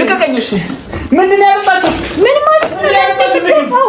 ልቀቀኝ። ምንድን ነው ያመጣችው? ምን ማለት ነው?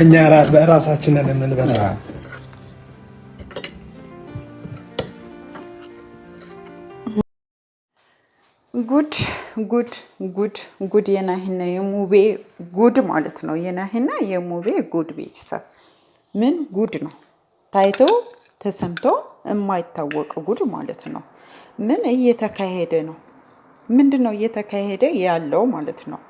እኛ ራሳችንን የምንበላ ጉድ ጉድ ጉድ ጉድ የናሂና የሙቤ ጉድ ማለት ነው። የናሂና የሙቤ ጉድ ቤተሰብ ምን ጉድ ነው? ታይቶ ተሰምቶ የማይታወቅ ጉድ ማለት ነው። ምን እየተካሄደ ነው? ምንድን ነው እየተካሄደ ያለው ማለት ነው?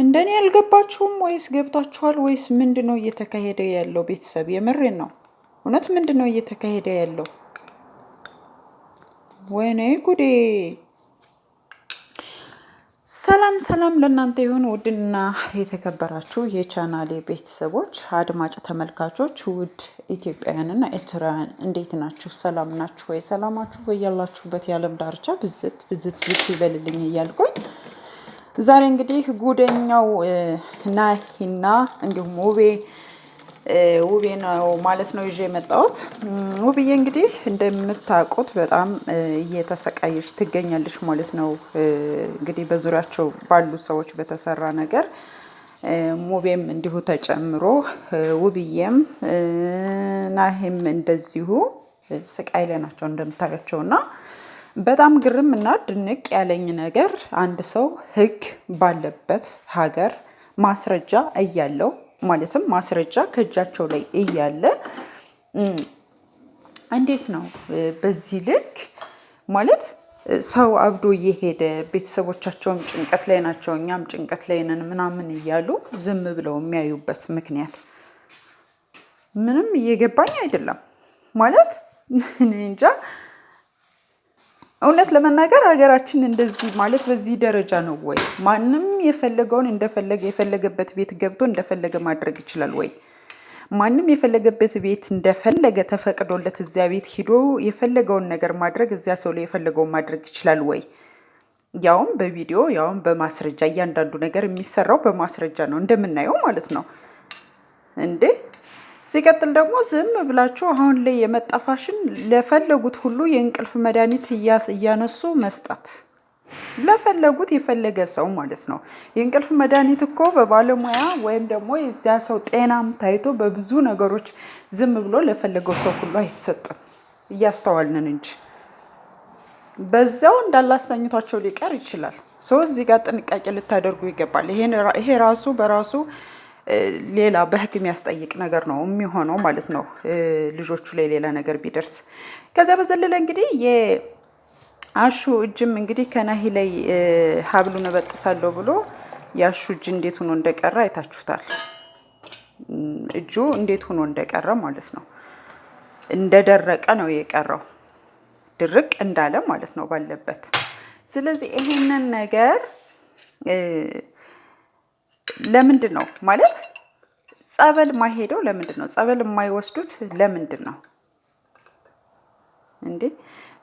እንደኔ ያልገባችሁም ወይስ ገብታችኋል ወይስ ምንድን ነው እየተካሄደ ያለው? ቤተሰብ የምሬን ነው። እውነት ምንድን ነው እየተካሄደ ያለው? ወይኔ ጉዴ! ሰላም ሰላም ለእናንተ ይሁን ውድና የተከበራችሁ የቻናሌ ቤተሰቦች፣ አድማጭ ተመልካቾች፣ ውድ ኢትዮጵያውያንና ኤርትራውያን እንዴት ናችሁ? ሰላም ናችሁ ወይ? ሰላማችሁ ወይ ያላችሁበት የዓለም ዳርቻ ብዝት ብዝት ዝት ይበልልኝ እያልኩኝ ዛሬ እንግዲህ ጉደኛው ናሂና እንዲሁም ውቤ ውቤ ነው ማለት ነው ይዤ የመጣሁት። ውብዬ እንግዲህ እንደምታውቁት በጣም እየተሰቃየች ትገኛለች ማለት ነው። እንግዲህ በዙሪያቸው ባሉ ሰዎች በተሰራ ነገር ሙቤም እንዲሁ ተጨምሮ ውብዬም ናሂም እንደዚሁ ስቃይ ላይ ናቸው እንደምታያቸው እና በጣም ግርም እና ድንቅ ያለኝ ነገር አንድ ሰው ህግ ባለበት ሀገር ማስረጃ እያለው ማለትም ማስረጃ ከእጃቸው ላይ እያለ እንዴት ነው በዚህ ልክ ማለት ሰው አብዶ እየሄደ ቤተሰቦቻቸውም ጭንቀት ላይ ናቸው፣ እኛም ጭንቀት ላይ ነን ምናምን እያሉ ዝም ብለው የሚያዩበት ምክንያት ምንም እየገባኝ አይደለም ማለት እኔ እንጃ። እውነት ለመናገር ሀገራችን እንደዚህ ማለት በዚህ ደረጃ ነው ወይ? ማንም የፈለገውን እንደፈለገ የፈለገበት ቤት ገብቶ እንደፈለገ ማድረግ ይችላል ወይ? ማንም የፈለገበት ቤት እንደፈለገ ተፈቅዶለት እዚያ ቤት ሂዶ የፈለገውን ነገር ማድረግ እዚያ ሰው ላይ የፈለገውን ማድረግ ይችላል ወይ? ያውም በቪዲዮ ያውም በማስረጃ እያንዳንዱ ነገር የሚሰራው በማስረጃ ነው እንደምናየው ማለት ነው እንዴ ሲቀጥል ደግሞ ዝም ብላችሁ አሁን ላይ የመጣ ፋሽን ለፈለጉት ሁሉ የእንቅልፍ መድኃኒት እያነሱ መስጠት ለፈለጉት የፈለገ ሰው ማለት ነው። የእንቅልፍ መድኃኒት እኮ በባለሙያ ወይም ደግሞ የዚያ ሰው ጤናም ታይቶ በብዙ ነገሮች ዝም ብሎ ለፈለገው ሰው ሁሉ አይሰጥም። እያስተዋልንን እንጂ በዛው እንዳላስተኝቷቸው ሊቀር ይችላል። ሰው እዚህ ጋር ጥንቃቄ ልታደርጉ ይገባል። ይሄ ራሱ በራሱ ሌላ በህግ የሚያስጠይቅ ነገር ነው የሚሆነው ማለት ነው፣ ልጆቹ ላይ ሌላ ነገር ቢደርስ። ከዚያ በዘለለ እንግዲህ የአሹ እጅም እንግዲህ ከናሂ ላይ ሀብሉን እበጥሳለሁ ብሎ የአሹ እጅ እንዴት ሆኖ እንደቀረ አይታችሁታል። እጁ እንዴት ሆኖ እንደቀረ ማለት ነው፣ እንደደረቀ ነው የቀረው፣ ድርቅ እንዳለ ማለት ነው ባለበት። ስለዚህ ይሄንን ነገር ለምንድን ነው ማለት ጸበል ማይሄደው ለምንድን ነው? ጸበል የማይወስዱት ለምንድን ነው እንዴ?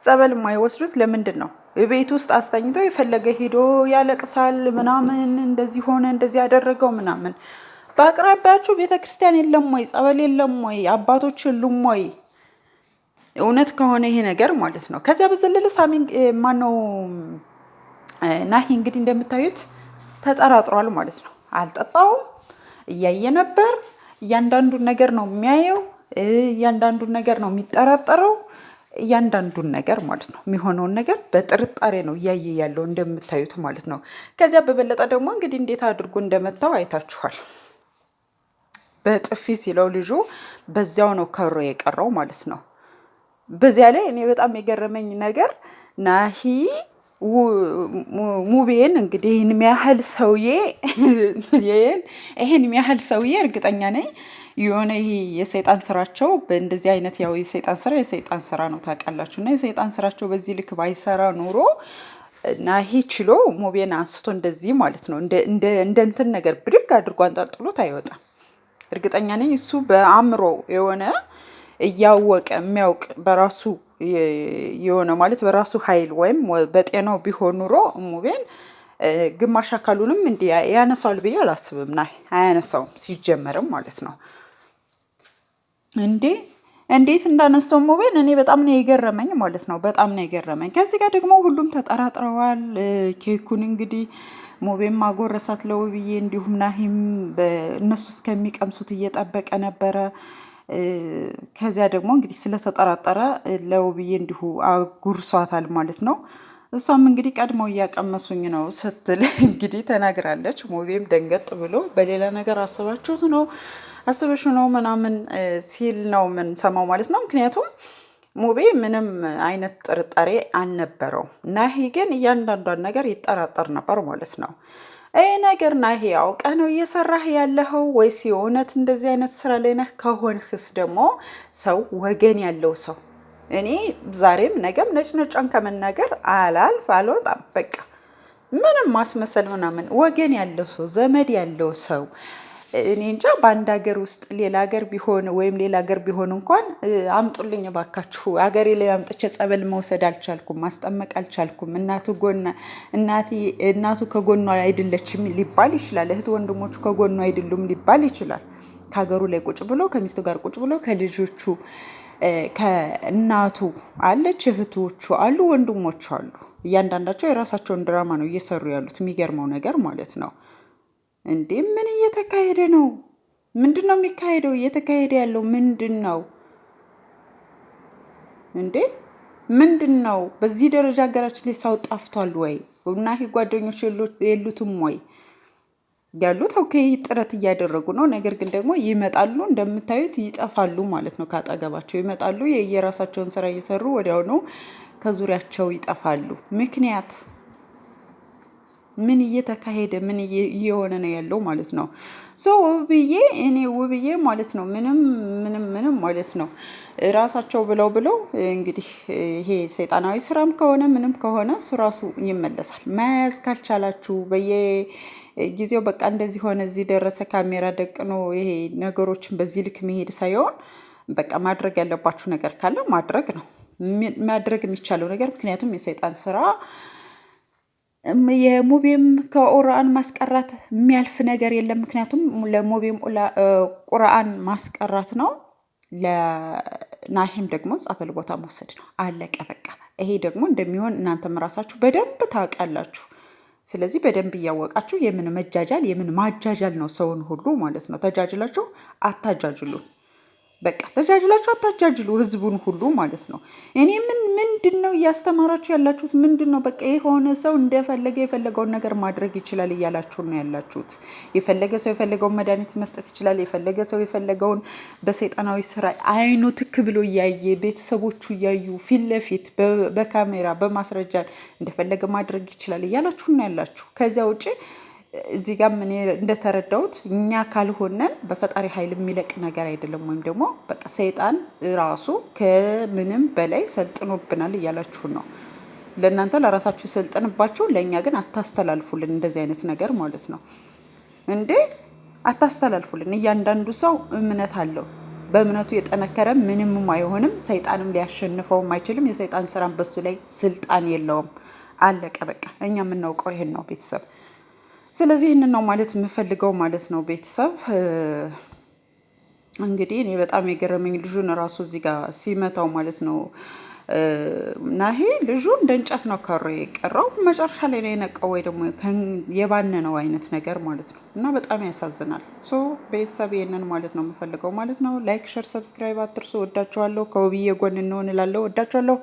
ጸበል የማይወስዱት ለምንድን ነው? ቤት ውስጥ አስተኝቶ የፈለገ ሄዶ ያለቅሳል ምናምን፣ እንደዚህ ሆነ እንደዚህ ያደረገው ምናምን። በአቅራቢያችሁ ቤተ ክርስቲያን የለም ወይ? ጸበል የለም ወይ? አባቶች የሉም ወይ? እውነት ከሆነ ይሄ ነገር ማለት ነው። ከዚያ በዘለለ ሳሚን ማነው ናሂ እንግዲህ እንደምታዩት ተጠራጥሯል ማለት ነው። አልጠጣውም እያየ ነበር። እያንዳንዱን ነገር ነው የሚያየው፣ እያንዳንዱን ነገር ነው የሚጠራጠረው። እያንዳንዱን ነገር ማለት ነው የሚሆነውን ነገር በጥርጣሬ ነው እያየ ያለው እንደምታዩት ማለት ነው። ከዚያ በበለጠ ደግሞ እንግዲህ እንዴት አድርጎ እንደመታው አይታችኋል። በጥፊ ሲለው ልጁ በዚያው ነው ከሮ የቀረው ማለት ነው። በዚያ ላይ እኔ በጣም የገረመኝ ነገር ናሂ ሙቤን እንግዲህ ይህን የሚያህል ሰውዬ ይህን የሚያህል ሰውዬ እርግጠኛ ነኝ የሆነ ይህ የሰይጣን ስራቸው በእንደዚህ አይነት ያው የሰይጣን ስራ የሰይጣን ስራ ነው ታውቃላችሁ። እና የሰይጣን ስራቸው በዚህ ልክ ባይሰራ ኖሮ እና ይሄ ችሎ ሙቤን አንስቶ እንደዚህ ማለት ነው እንደ እንትን ነገር ብድግ አድርጎ አንጠልጥሎት አይወጣም። እርግጠኛ ነኝ እሱ በአእምሮ የሆነ እያወቀ የሚያውቅ በራሱ የሆነ ማለት በራሱ ኃይል ወይም በጤናው ቢሆን ኑሮ ሙቤን ግማሽ አካሉንም እንዲህ ያነሳዋል ብዬ አላስብም። ና አያነሳውም ሲጀመርም ማለት ነው። እንዴ እንዴት እንዳነሳው ሙቤን እኔ በጣም ነው የገረመኝ ማለት ነው። በጣም ነው የገረመኝ። ከዚህ ጋር ደግሞ ሁሉም ተጠራጥረዋል። ኬኩን እንግዲህ ሙቤን ማጎረሳት ለውብዬ፣ እንዲሁም ናሂም እነሱ እስከሚቀምሱት እየጠበቀ ነበረ። ከዚያ ደግሞ እንግዲህ ስለተጠራጠረ ለውብዬ እንዲሁ አጉርሷታል ማለት ነው። እሷም እንግዲህ ቀድሞ እያቀመሱኝ ነው ስትል እንግዲህ ተናግራለች። ሞቤም ደንገጥ ብሎ በሌላ ነገር አስባችሁት ነው አስበሽ ነው ምናምን ሲል ነው ሰማው ማለት ነው። ምክንያቱም ሙቤ ምንም አይነት ጥርጣሬ አልነበረው። ናሂ ግን እያንዳንዷን ነገር ይጠራጠር ነበር ማለት ነው። ይህ ነገር ና ይሄ ያውቀ ነው እየሰራህ ያለኸው ወይስ የእውነት እንደዚህ አይነት ስራ ላይ ነህ? ከሆንህስ ደግሞ ሰው ወገን ያለው ሰው እኔ ዛሬም ነገም ነጭ ነጫን ከመናገር አላልፍ አልወጣም። በቃ ምንም ማስመሰል ምናምን ወገን ያለው ሰው ዘመድ ያለው ሰው እኔ እንጃ በአንድ ሀገር ውስጥ ሌላ ሀገር ቢሆን ወይም ሌላ ሀገር ቢሆን እንኳን አምጡልኝ ባካችሁ ሀገሬ ላይ አምጥቼ ጸበል መውሰድ አልቻልኩም፣ ማስጠመቅ አልቻልኩም፣ እናቱ ከጎኗ አይደለችም ሊባል ይችላል። እህት ወንድሞቹ ከጎኗ አይደሉም ሊባል ይችላል። ከሀገሩ ላይ ቁጭ ብሎ ከሚስቱ ጋር ቁጭ ብሎ ከልጆቹ ከእናቱ አለች፣ እህቶቹ አሉ፣ ወንድሞቹ አሉ። እያንዳንዳቸው የራሳቸውን ድራማ ነው እየሰሩ ያሉት። የሚገርመው ነገር ማለት ነው። እንዴ ምን እየተካሄደ ነው? ምንድን ነው የሚካሄደው? እየተካሄደ ያለው ምንድን ነው እንዴ? ምንድን ነው? በዚህ ደረጃ ሀገራችን ላይ ሰው ጠፍቷል ወይ? እና ይሄ ጓደኞች የሉትም ወይ? ያሉት ኦኬ ጥረት እያደረጉ ነው። ነገር ግን ደግሞ ይመጣሉ፣ እንደምታዩት ይጠፋሉ ማለት ነው። ካጠገባቸው ይመጣሉ፣ የየራሳቸውን ስራ እየሰሩ ወዲያውኑ ከዙሪያቸው ይጠፋሉ። ምክንያት ምን እየተካሄደ ምን እየሆነ ነው ያለው ማለት ነው። ሶ ውብዬ እኔ ውብዬ ማለት ነው ምንም ምንም ምንም ማለት ነው ራሳቸው ብለው ብለው እንግዲህ ይሄ ሰይጣናዊ ስራም ከሆነ ምንም ከሆነ እሱ ራሱ ይመለሳል። መያዝ ካልቻላችሁ በየጊዜው በቃ እንደዚህ ሆነ እዚህ ደረሰ ካሜራ ደቅኖ ይሄ ነገሮችን በዚህ ልክ መሄድ ሳይሆን በቃ ማድረግ ያለባችሁ ነገር ካለ ማድረግ ነው ማድረግ የሚቻለው ነገር ምክንያቱም የሰይጣን ስራ የሙቤም ከቁርአን ማስቀራት የሚያልፍ ነገር የለም። ምክንያቱም ለሙቤም ቁርአን ማስቀራት ነው፣ ለናሂም ደግሞ ጸበል ቦታ መውሰድ ነው። አለቀ በቃ። ይሄ ደግሞ እንደሚሆን እናንተም ራሳችሁ በደንብ ታውቃላችሁ። ስለዚህ በደንብ እያወቃችሁ የምን መጃጃል የምን ማጃጃል ነው ሰውን ሁሉ ማለት ነው። ተጃጅላችሁ አታጃጅሉ። በቃ ተጃጅላችሁ አታጃጅሉ፣ ህዝቡን ሁሉ ማለት ነው። እኔ ምን ምንድን ነው እያስተማራችሁ ያላችሁት? ምንድን ነው በቃ የሆነ ሰው እንደፈለገ የፈለገውን ነገር ማድረግ ይችላል እያላችሁ ነው ያላችሁት። የፈለገ ሰው የፈለገውን መድኃኒት መስጠት ይችላል። የፈለገ ሰው የፈለገውን በሰይጣናዊ ስራ አይኑ ትክ ብሎ እያየ ቤተሰቦቹ እያዩ ፊት ለፊት በካሜራ በማስረጃ እንደፈለገ ማድረግ ይችላል እያላችሁ ነው ያላችሁ። ከዚያ ውጭ እዚህ ጋም እኔ እንደተረዳሁት እኛ ካልሆነን በፈጣሪ ኃይል የሚለቅ ነገር አይደለም። ወይም ደግሞ በቃ ሰይጣን ራሱ ከምንም በላይ ሰልጥኖብናል እያላችሁን ነው። ለእናንተ ለራሳችሁ ሰልጥንባችሁ፣ ለእኛ ግን አታስተላልፉልን እንደዚህ አይነት ነገር ማለት ነው እንዴ አታስተላልፉልን። እያንዳንዱ ሰው እምነት አለው። በእምነቱ የጠነከረ ምንም አይሆንም። ሰይጣንም ሊያሸንፈውም አይችልም። የሰይጣን ስራም በሱ ላይ ስልጣን የለውም። አለቀ በቃ። እኛ የምናውቀው ይህን ነው ቤተሰብ ስለዚህ ይህንን ነው ማለት የምፈልገው ማለት ነው ቤተሰብ። እንግዲህ እኔ በጣም የገረመኝ ልጁን እራሱ እዚህ ጋር ሲመታው ማለት ነው ናሄ ልጁ እንደ እንጨት ነው ከሮ የቀረው መጨረሻ ላይ ነው የነቀው፣ ወይ ደግሞ የባነነው አይነት ነገር ማለት ነው። እና በጣም ያሳዝናል። ሶ ቤተሰብ ይህንን ማለት ነው የምፈልገው ማለት ነው። ላይክ፣ ሸር፣ ሰብስክራይብ አትርሱ። ወዳችኋለሁ። ከውብዬ ጎን እንሆን እላለሁ። ወዳችኋለሁ።